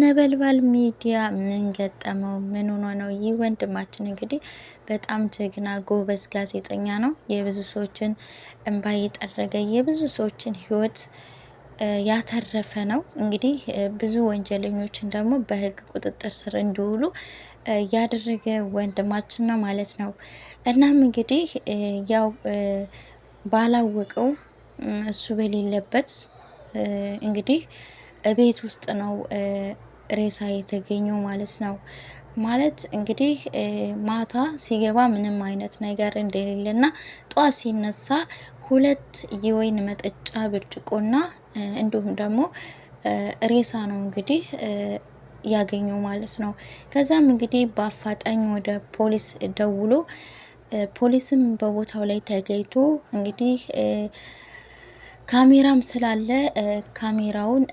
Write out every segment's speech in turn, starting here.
ነበልባል ሚዲያ ምን ገጠመው? ምን ሆኖ ነው? ይህ ወንድማችን እንግዲህ በጣም ጀግና ጎበዝ ጋዜጠኛ ነው። የብዙ ሰዎችን እንባ የጠረገ የብዙ ሰዎችን ህይወት ያተረፈ ነው። እንግዲህ ብዙ ወንጀለኞችን ደግሞ በህግ ቁጥጥር ስር እንዲውሉ ያደረገ ወንድማችን ነው ማለት ነው። እናም እንግዲህ ያው ባላወቀው እሱ በሌለበት እንግዲህ ቤት ውስጥ ነው ሬሳ የተገኘው ማለት ነው። ማለት እንግዲህ ማታ ሲገባ ምንም አይነት ነገር እንደሌለና ጠዋት ሲነሳ ሁለት የወይን መጠጫ ብርጭቆና እንዲሁም ደግሞ ሬሳ ነው እንግዲህ ያገኘው ማለት ነው። ከዛም እንግዲህ በአፋጣኝ ወደ ፖሊስ ደውሎ ፖሊስም በቦታው ላይ ተገኝቶ እንግዲህ ካሜራም ስላለ ካሜራውን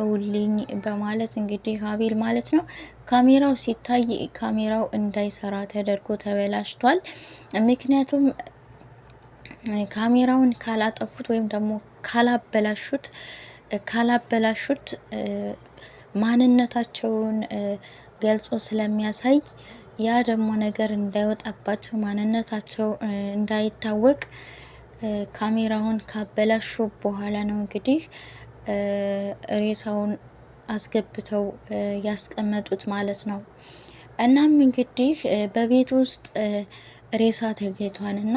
እውልኝ በማለት እንግዲህ ሀቤል ማለት ነው ካሜራው ሲታይ ካሜራው እንዳይሰራ ተደርጎ ተበላሽቷል። ምክንያቱም ካሜራውን ካላጠፉት ወይም ደግሞ ካላበላሹት ካላበላሹት ማንነታቸውን ገልጾ ስለሚያሳይ ያ ደግሞ ነገር እንዳይወጣባቸው ማንነታቸው እንዳይታወቅ ካሜራውን ካበላሹ በኋላ ነው እንግዲህ ሬሳውን አስገብተው ያስቀመጡት ማለት ነው። እናም እንግዲህ በቤት ውስጥ ሬሳ ተገኝቷን እና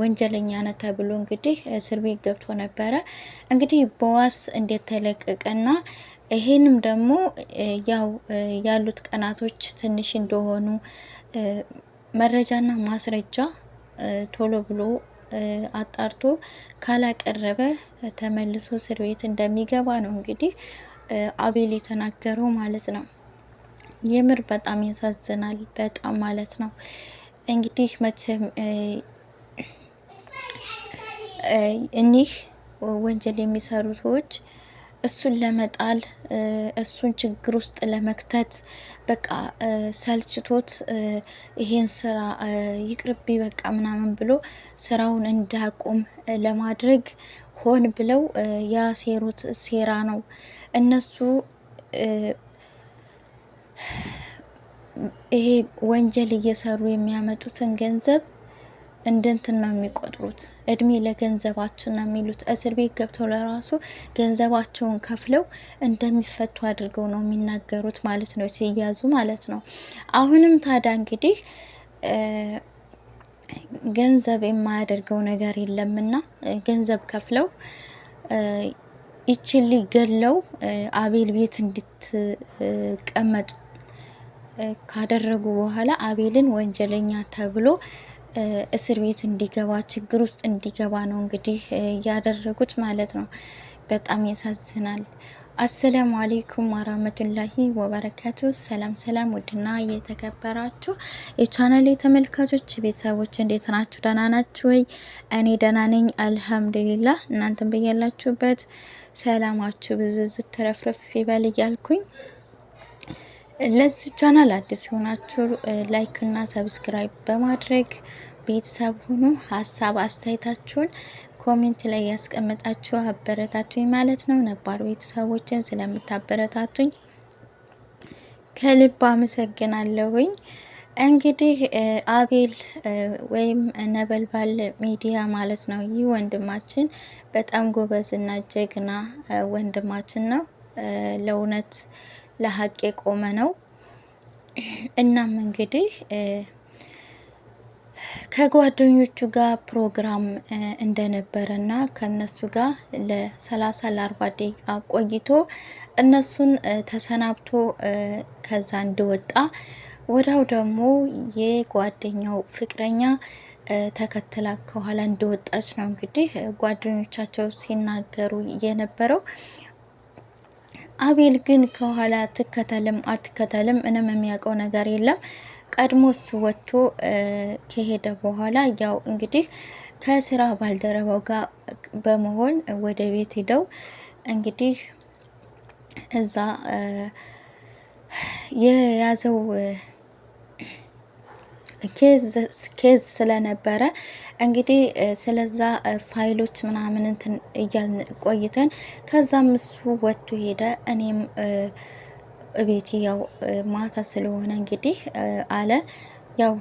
ወንጀለኛ ነ ተብሎ እንግዲህ እስር ቤት ገብቶ ነበረ። እንግዲህ በዋስ እንደተለቀቀና ይሄንም ደግሞ ያው ያሉት ቀናቶች ትንሽ እንደሆኑ መረጃና ማስረጃ ቶሎ ብሎ አጣርቶ ካላቀረበ ተመልሶ እስር ቤት እንደሚገባ ነው እንግዲህ አቤል የተናገረው ማለት ነው። የምር በጣም ያሳዝናል። በጣም ማለት ነው እንግዲህ መቼም እኒህ ወንጀል የሚሰሩ ሰዎች እሱን ለመጣል እሱን ችግር ውስጥ ለመክተት በቃ ሰልችቶት ይሄን ስራ ይቅርቢ በቃ ምናምን ብሎ ስራውን እንዳቁም ለማድረግ ሆን ብለው ያሴሩት ሴራ ነው። እነሱ ይሄ ወንጀል እየሰሩ የሚያመጡትን ገንዘብ እንደንትን ነው የሚቆጥሩት። እድሜ ለገንዘባችን ነው የሚሉት። እስር ቤት ገብተው ለራሱ ገንዘባቸውን ከፍለው እንደሚፈቱ አድርገው ነው የሚናገሩት ማለት ነው፣ ሲያዙ ማለት ነው። አሁንም ታዳ እንግዲህ ገንዘብ የማያደርገው ነገር የለምና ገንዘብ ከፍለው ይችን ሊገለው አቤል ቤት እንድትቀመጥ ካደረጉ በኋላ አቤልን ወንጀለኛ ተብሎ እስር ቤት እንዲገባ ችግር ውስጥ እንዲገባ ነው እንግዲህ ያደረጉት ማለት ነው። በጣም ያሳዝናል። አሰላሙ አሌይኩም ወራህመቱላሂ ወበረካቱ። ሰላም ሰላም! ውድና የተከበራችሁ የቻናል ተመልካቾች ቤተሰቦች እንዴት ናችሁ? ደህና ናችሁ ወይ? እኔ ደህና ነኝ አልሐምዱሊላህ። እናንተም በያላችሁበት ሰላማችሁ ብዝዝት ተረፍረፍ ይበል እያልኩኝ ለዚህ ቻናል አዲስ የሆናችሁ ላይክ እና ሰብስክራይብ በማድረግ ቤተሰብ ሁኑ። ሀሳብ አስተያየታችሁን ኮሜንት ላይ ያስቀምጣችሁ አበረታቱኝ ማለት ነው። ነባር ቤተሰቦችም ስለምታበረታቱኝ ከልብ አመሰግናለሁኝ። እንግዲህ አቤል ወይም ነበልባል ሚዲያ ማለት ነው። ይህ ወንድማችን በጣም ጎበዝና ጀግና ወንድማችን ነው ለእውነት ለሀቅ የቆመ ነው። እናም እንግዲህ ከጓደኞቹ ጋር ፕሮግራም እንደነበረ ና ከነሱ ጋር ለሰላሳ ለአርባ ደቂቃ ቆይቶ እነሱን ተሰናብቶ ከዛ እንደወጣ ወዳው ደግሞ የጓደኛው ፍቅረኛ ተከትላ ከኋላ እንደወጣች ነው እንግዲህ ጓደኞቻቸው ሲናገሩ የነበረው። አቤል ግን ከኋላ ትከተልም አትከተልም እንም የሚያውቀው ነገር የለም። ቀድሞ እሱ ወጥቶ ከሄደ በኋላ ያው እንግዲህ ከስራ ባልደረባው ጋር በመሆን ወደ ቤት ሄደው እንግዲህ እዛ የያዘው ኬዝ ስለነበረ እንግዲህ ስለዛ ፋይሎች ምናምን እንትን እያልን ቆይተን ከዛም እሱ ወጥቶ ሄደ። እኔም እቤቴ ያው ማታ ስለሆነ እንግዲህ አለ ያው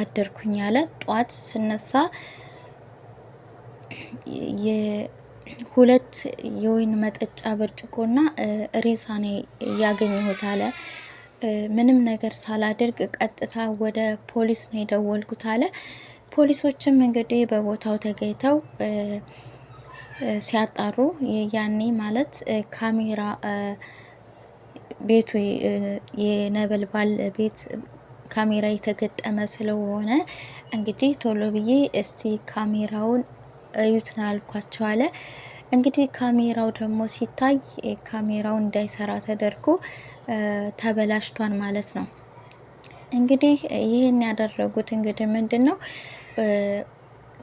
አደርኩኝ አለ። ጧት ስነሳ ሁለት የወይን መጠጫ ብርጭቆና ሬሳ ነው ያገኘሁት አለ። ምንም ነገር ሳላደርግ ቀጥታ ወደ ፖሊስ ነው የደወልኩት አለ። ፖሊሶችም እንግዲህ በቦታው ተገኝተው ሲያጣሩ ያኔ ማለት ካሜራ ቤቱ የነበልባል ቤት ካሜራ የተገጠመ ስለሆነ እንግዲህ ቶሎ ብዬ እስቲ ካሜራውን እዩት ነው አለ። እንግዲህ ካሜራው ደግሞ ሲታይ ካሜራው እንዳይሰራ ተደርጎ ተበላሽቷል ማለት ነው። እንግዲህ ይህን ያደረጉት እንግዲህ ምንድን ነው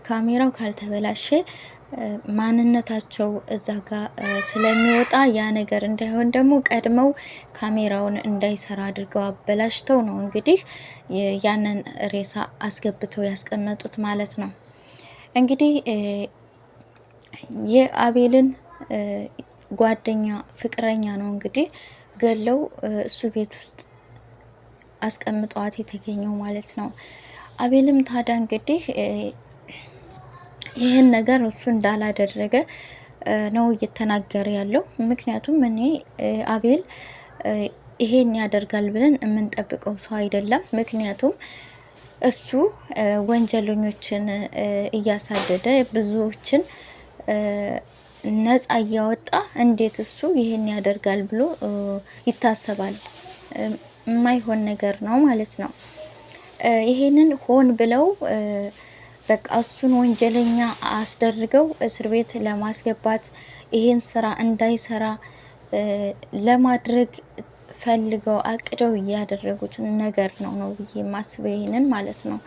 ካሜራው ካልተበላሸ ማንነታቸው እዛ ጋር ስለሚወጣ ያ ነገር እንዳይሆን ደግሞ ቀድመው ካሜራውን እንዳይሰራ አድርገው አበላሽተው ነው እንግዲህ ያንን ሬሳ አስገብተው ያስቀመጡት ማለት ነው። እንግዲህ የአቤልን ጓደኛ ፍቅረኛ ነው እንግዲህ ገለው እሱ ቤት ውስጥ አስቀምጠዋት የተገኘው ማለት ነው። አቤልም ታዲያ እንግዲህ ይህን ነገር እሱ እንዳላደረገ ነው እየተናገረ ያለው። ምክንያቱም እኔ አቤል ይሄን ያደርጋል ብለን የምንጠብቀው ሰው አይደለም። ምክንያቱም እሱ ወንጀለኞችን እያሳደደ ብዙዎችን ነፃ እያወጣ እንዴት እሱ ይህን ያደርጋል ብሎ ይታሰባል? የማይሆን ነገር ነው ማለት ነው። ይሄንን ሆን ብለው በቃ እሱን ወንጀለኛ አስደርገው እስር ቤት ለማስገባት ይሄን ስራ እንዳይሰራ ለማድረግ ፈልገው አቅደው እያደረጉትን ነገር ነው ነው ብዬ ማስበው ይሄንን ማለት ነው።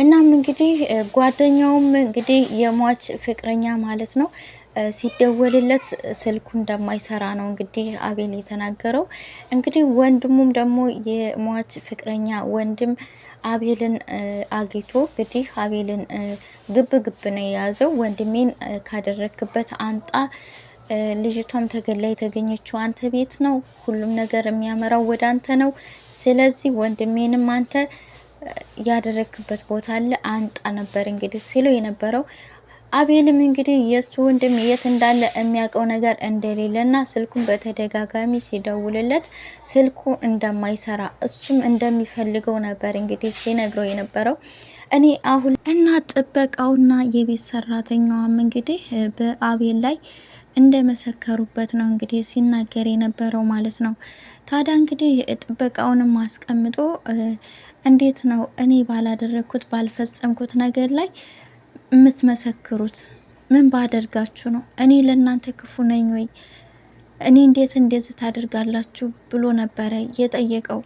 እናም እንግዲህ ጓደኛውም እንግዲህ የሟች ፍቅረኛ ማለት ነው ሲደወልለት ስልኩ እንደማይሰራ ነው እንግዲህ አቤል የተናገረው። እንግዲህ ወንድሙም ደግሞ የሟች ፍቅረኛ ወንድም አቤልን አግኝቶ እንግዲህ አቤልን ግብ ግብ ነው የያዘው። ወንድሜን ካደረክበት አንጣ፣ ልጅቷም ተገላ የተገኘችው አንተ ቤት ነው። ሁሉም ነገር የሚያመራው ወደ አንተ ነው። ስለዚህ ወንድሜንም አንተ ያደረክበት ቦታ አለ አንጣ ነበር እንግዲህ ሲሉ የነበረው። አቤልም እንግዲህ የእሱ ወንድም የት እንዳለ የሚያውቀው ነገር እንደሌለና ስልኩን በተደጋጋሚ ሲደውልለት ስልኩ እንደማይሰራ እሱም እንደሚፈልገው ነበር እንግዲህ ሲነግረው የነበረው። እኔ አሁን እና ጥበቃውና የቤት ሰራተኛዋም እንግዲህ በአቤል ላይ እንደመሰከሩበት ነው እንግዲህ ሲናገር የነበረው ማለት ነው። ታዲያ እንግዲህ ጥበቃውንም አስቀምጦ እንዴት ነው እኔ ባላደረግኩት ባልፈጸምኩት ነገር ላይ የምትመሰክሩት? ምን ባደርጋችሁ ነው? እኔ ለእናንተ ክፉ ነኝ ወይ? እኔ እንዴት እንደዚህ ታደርጋላችሁ ብሎ ነበረ የጠየቀው።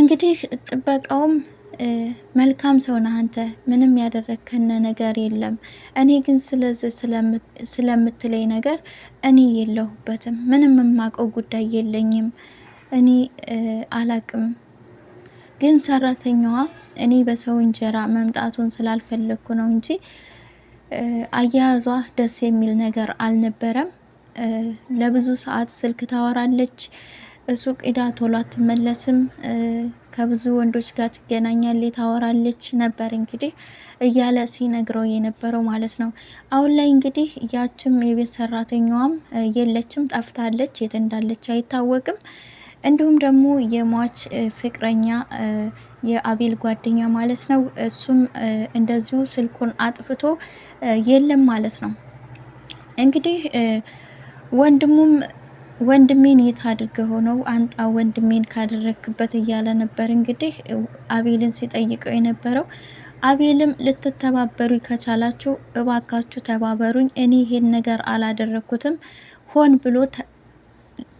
እንግዲህ ጥበቃውም መልካም ሰው ነህ አንተ፣ ምንም ያደረግከነ ነገር የለም። እኔ ግን ስለዚህ ስለምትለይ ነገር እኔ የለሁበትም፣ ምንም የማውቀው ጉዳይ የለኝም፣ እኔ አላቅም ግን ሰራተኛዋ እኔ በሰው እንጀራ መምጣቱን ስላልፈለግኩ ነው እንጂ አያያዟ ደስ የሚል ነገር አልነበረም። ለብዙ ሰዓት ስልክ ታወራለች። ሱቅ ኢዳ ቶሎ አትመለስም። ከብዙ ወንዶች ጋር ትገናኛለች፣ ታወራለች ነበር እንግዲህ እያለ ሲነግረው የነበረው ማለት ነው። አሁን ላይ እንግዲህ ያችም የቤት ሰራተኛዋም የለችም፣ ጠፍታለች። የት እንዳለች አይታወቅም። እንዲሁም ደግሞ የሟች ፍቅረኛ የአቤል ጓደኛ ማለት ነው። እሱም እንደዚሁ ስልኩን አጥፍቶ የለም ማለት ነው። እንግዲህ ወንድሙም ወንድሜን የት አድርገህ አንጣ ወንድሜን ካደረክበት እያለ ነበር እንግዲህ አቤልን ሲጠይቀው የነበረው። አቤልም ልትተባበሩኝ ከቻላችሁ እባካችሁ ተባበሩኝ፣ እኔ ይሄን ነገር አላደረኩትም ሆን ብሎ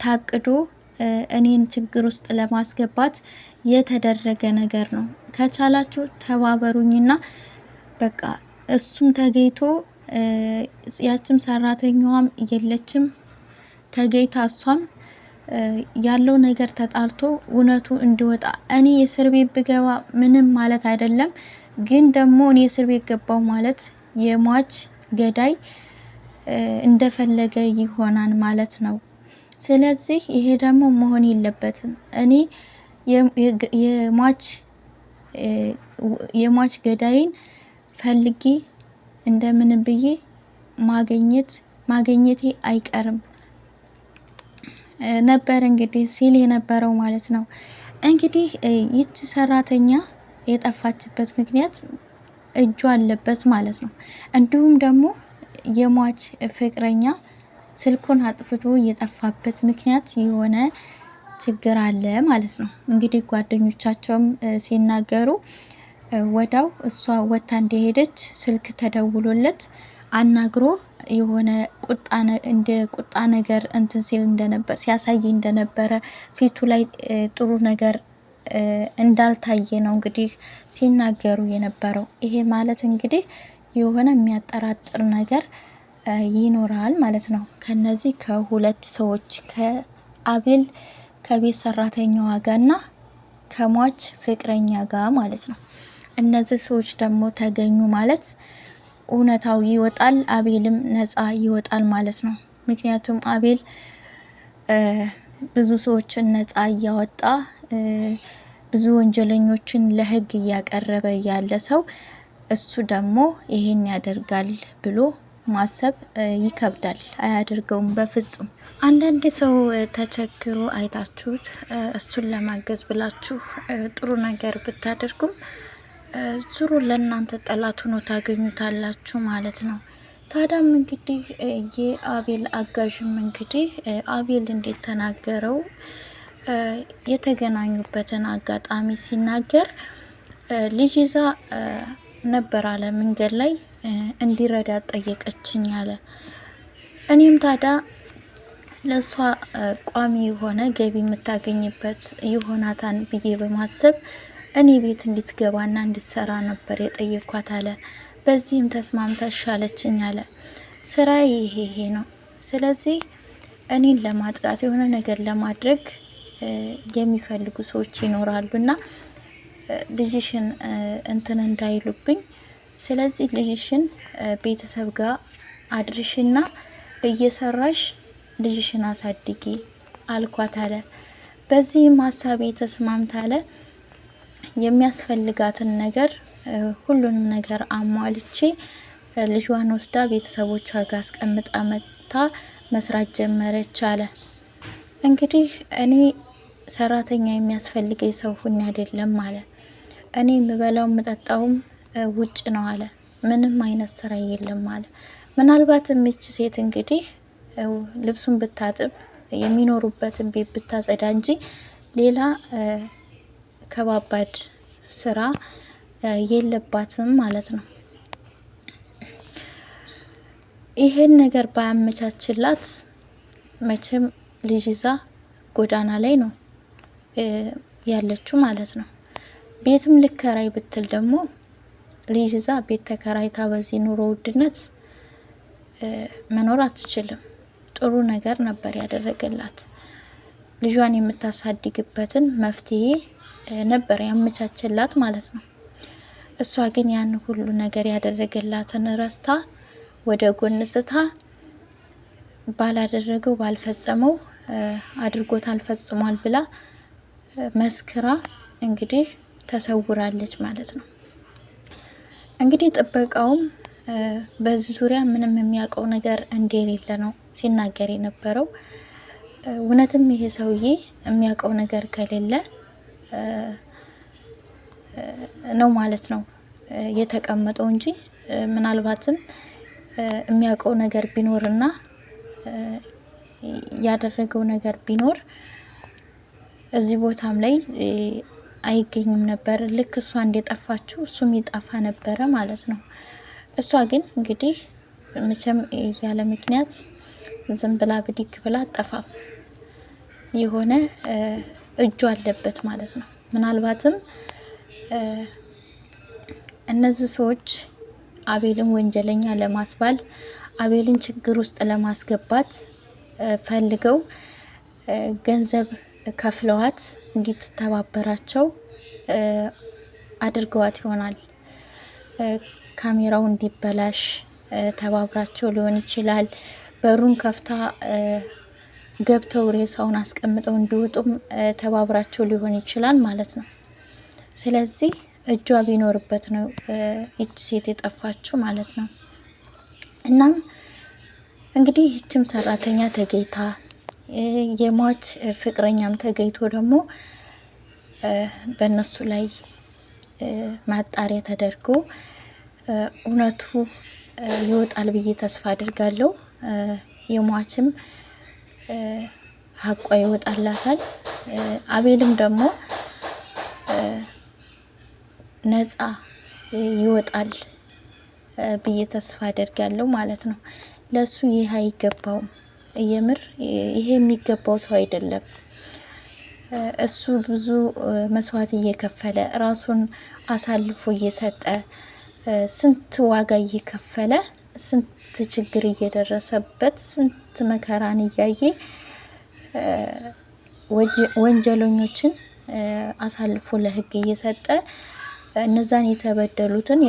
ታቅዶ እኔን ችግር ውስጥ ለማስገባት የተደረገ ነገር ነው። ከቻላችሁ ተባበሩኝና በቃ እሱም ተገይቶ ያችም ሰራተኛዋም የለችም ተገይታ እሷም ያለው ነገር ተጣርቶ እውነቱ እንዲወጣ። እኔ እስር ቤት ብገባ ምንም ማለት አይደለም፣ ግን ደግሞ እኔ እስር ቤት ገባው ማለት የሟች ገዳይ እንደፈለገ ይሆናል ማለት ነው። ስለዚህ ይሄ ደግሞ መሆን የለበትም። እኔ የሟች የሟች ገዳይን ፈልጌ እንደምን ብዬ ማግኘት ማግኘቴ አይቀርም ነበር እንግዲህ ሲል የነበረው ማለት ነው። እንግዲህ ይቺ ሰራተኛ የጠፋችበት ምክንያት እጁ አለበት ማለት ነው። እንዲሁም ደግሞ የሟች ፍቅረኛ ስልኩን አጥፍቶ የጠፋበት ምክንያት የሆነ ችግር አለ ማለት ነው። እንግዲህ ጓደኞቻቸውም ሲናገሩ ወዳው እሷ ወታ እንደሄደች ስልክ ተደውሎለት አናግሮ የሆነ ቁጣ እንደ ቁጣ ነገር እንትን ሲል እንደነበር ሲያሳይ እንደነበረ ፊቱ ላይ ጥሩ ነገር እንዳልታየ ነው እንግዲህ ሲናገሩ የነበረው። ይሄ ማለት እንግዲህ የሆነ የሚያጠራጥር ነገር ይኖራል ማለት ነው። ከነዚህ ከሁለት ሰዎች ከአቤል ከቤት ሰራተኛዋ ጋር እና ከሟች ፍቅረኛ ጋር ማለት ነው። እነዚህ ሰዎች ደግሞ ተገኙ ማለት እውነታው ይወጣል፣ አቤልም ነፃ ይወጣል ማለት ነው። ምክንያቱም አቤል ብዙ ሰዎችን ነፃ እያወጣ ብዙ ወንጀለኞችን ለህግ እያቀረበ ያለ ሰው እሱ ደግሞ ይሄን ያደርጋል ብሎ ማሰብ ይከብዳል። አያደርገውም በፍጹም። አንዳንድ ሰው ተቸግሮ አይታችሁት እሱን ለማገዝ ብላችሁ ጥሩ ነገር ብታደርጉም ዙሩ ለእናንተ ጠላት ሆኖ ታገኙታላችሁ ማለት ነው። ታዲያም እንግዲህ የአቤል አጋዥም እንግዲህ አቤል እንዴት ተናገረው የተገናኙበትን አጋጣሚ ሲናገር ልጅ ይዛ ነበር አለ መንገድ ላይ እንዲረዳት ጠየቀችኝ አለ። እኔም ታዲያ ለእሷ ቋሚ የሆነ ገቢ የምታገኝበት የሆናታን ብዬ በማሰብ እኔ ቤት እንድትገባና እንድትሰራ ነበር የጠየኳት አለ። በዚህም ተስማምታ ሻለችኝ አለ። ስራ ይሄ ይሄ ነው። ስለዚህ እኔን ለማጥቃት የሆነ ነገር ለማድረግ የሚፈልጉ ሰዎች ይኖራሉና ልጅሽን እንትን እንዳይሉብኝ። ስለዚህ ልጅሽን ቤተሰብ ጋር አድርሽና እየሰራሽ ልጅሽን አሳድጊ አልኳት አለ። በዚህም ሀሳቤ ተስማምታ አለ የሚያስፈልጋትን ነገር ሁሉንም ነገር አሟልቼ ልጇን ወስዳ ቤተሰቦቿ ጋር አስቀምጣ መታ መስራት ጀመረች አለ። እንግዲህ እኔ ሰራተኛ የሚያስፈልገኝ ሰው ሁኔ አይደለም አለ። እኔ የምበላው የምጠጣውም ውጭ ነው አለ። ምንም አይነት ስራ የለም አለ። ምናልባትም ይች ሴት እንግዲህ ልብሱን ብታጥብ የሚኖሩበትን ቤት ብታጸዳ እንጂ ሌላ ከባባድ ስራ የለባትም ማለት ነው። ይህን ነገር ባያመቻችላት መቼም ልጅ ይዛ ጎዳና ላይ ነው ያለችው ማለት ነው። ቤትም ልከራይ ብትል ደግሞ ልጅ ይዛ ቤት ተከራይታ በዚህ ኑሮ ውድነት መኖር አትችልም። ጥሩ ነገር ነበር ያደረገላት። ልጇን የምታሳድግበትን መፍትሄ ነበር ያመቻችላት ማለት ነው። እሷ ግን ያን ሁሉ ነገር ያደረገላትን ረስታ ወደ ጎን ስታ ባላደረገው ባልፈጸመው አድርጎት አልፈጽሟል ብላ መስክራ እንግዲህ ተሰውራለች ማለት ነው። እንግዲህ ጥበቃውም በዚህ ዙሪያ ምንም የሚያውቀው ነገር እንደሌለ ነው ሲናገር የነበረው። እውነትም ይሄ ሰውዬ የሚያውቀው ነገር ከሌለ ነው ማለት ነው የተቀመጠው እንጂ ምናልባትም የሚያውቀው ነገር ቢኖርና ያደረገው ነገር ቢኖር እዚህ ቦታም ላይ አይገኝም ነበር። ልክ እሷ እንደጠፋችው እሱም ይጠፋ ነበረ ማለት ነው። እሷ ግን እንግዲህ መቼም ያለ ምክንያት ዝም ብላ ብድግ ብላ አጠፋም። የሆነ እጁ አለበት ማለት ነው። ምናልባትም እነዚህ ሰዎች አቤልን ወንጀለኛ ለማስባል አቤልን ችግር ውስጥ ለማስገባት ፈልገው ገንዘብ ከፍለዋት እንዲትተባበራቸው አድርገዋት ይሆናል። ካሜራው እንዲበላሽ ተባብራቸው ሊሆን ይችላል። በሩን ከፍታ ገብተው ሬሳውን አስቀምጠው እንዲወጡም ተባብራቸው ሊሆን ይችላል ማለት ነው። ስለዚህ እጇ ቢኖርበት ነው ይች ሴት የጠፋችው ማለት ነው። እናም እንግዲህ ይችም ሰራተኛ ተገኝታ የሟች ፍቅረኛም ተገኝቶ ደግሞ በእነሱ ላይ ማጣሪያ ተደርጎ እውነቱ ይወጣል ብዬ ተስፋ አድርጋለሁ። የሟችም ሀቋ ይወጣላታል። አቤልም ደግሞ ነጻ ይወጣል ብዬ ተስፋ አድርጋለሁ ማለት ነው። ለሱ ይህ አይገባውም። የምር ይሄ የሚገባው ሰው አይደለም። እሱ ብዙ መስዋዕት እየከፈለ ራሱን አሳልፎ እየሰጠ ስንት ዋጋ እየከፈለ ስንት ችግር እየደረሰበት ስንት መከራን እያየ ወንጀለኞችን አሳልፎ ለሕግ እየሰጠ እነዛን የተበደሉትን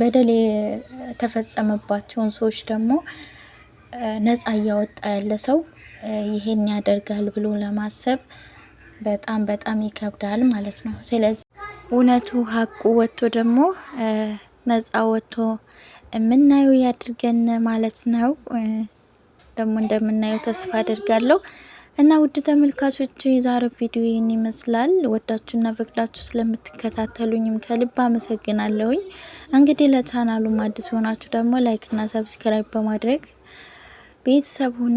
በደል የተፈጸመባቸውን ሰዎች ደግሞ ነጻ እያወጣ ያለ ሰው ይሄን ያደርጋል ብሎ ለማሰብ በጣም በጣም ይከብዳል ማለት ነው። ስለዚህ እውነቱ ሀቁ ወጥቶ ደግሞ ነጻ ወጥቶ የምናየው ያድርገን ማለት ነው። ደግሞ እንደምናየው ተስፋ አድርጋለሁ። እና ውድ ተመልካቾች የዛሬው ቪዲዮ ይህን ይመስላል። ወዳችሁና ፈቅዳችሁ ስለምትከታተሉኝም ከልብ አመሰግናለሁኝ። እንግዲህ ለቻናሉም አዲስ ሆናችሁ ደግሞ ላይክ እና ሰብስክራይብ በማድረግ ቤተሰብ ሁኑ።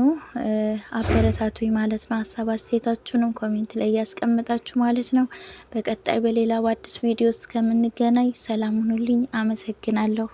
አበረታቱኝ ማለት ነው። ሀሳብ አስተያየታችሁንም ኮሜንት ላይ እያስቀመጣችሁ ማለት ነው። በቀጣይ በሌላ በአዲስ ቪዲዮ እስከምንገናኝ ሰላም ሁኑልኝ። አመሰግናለሁ።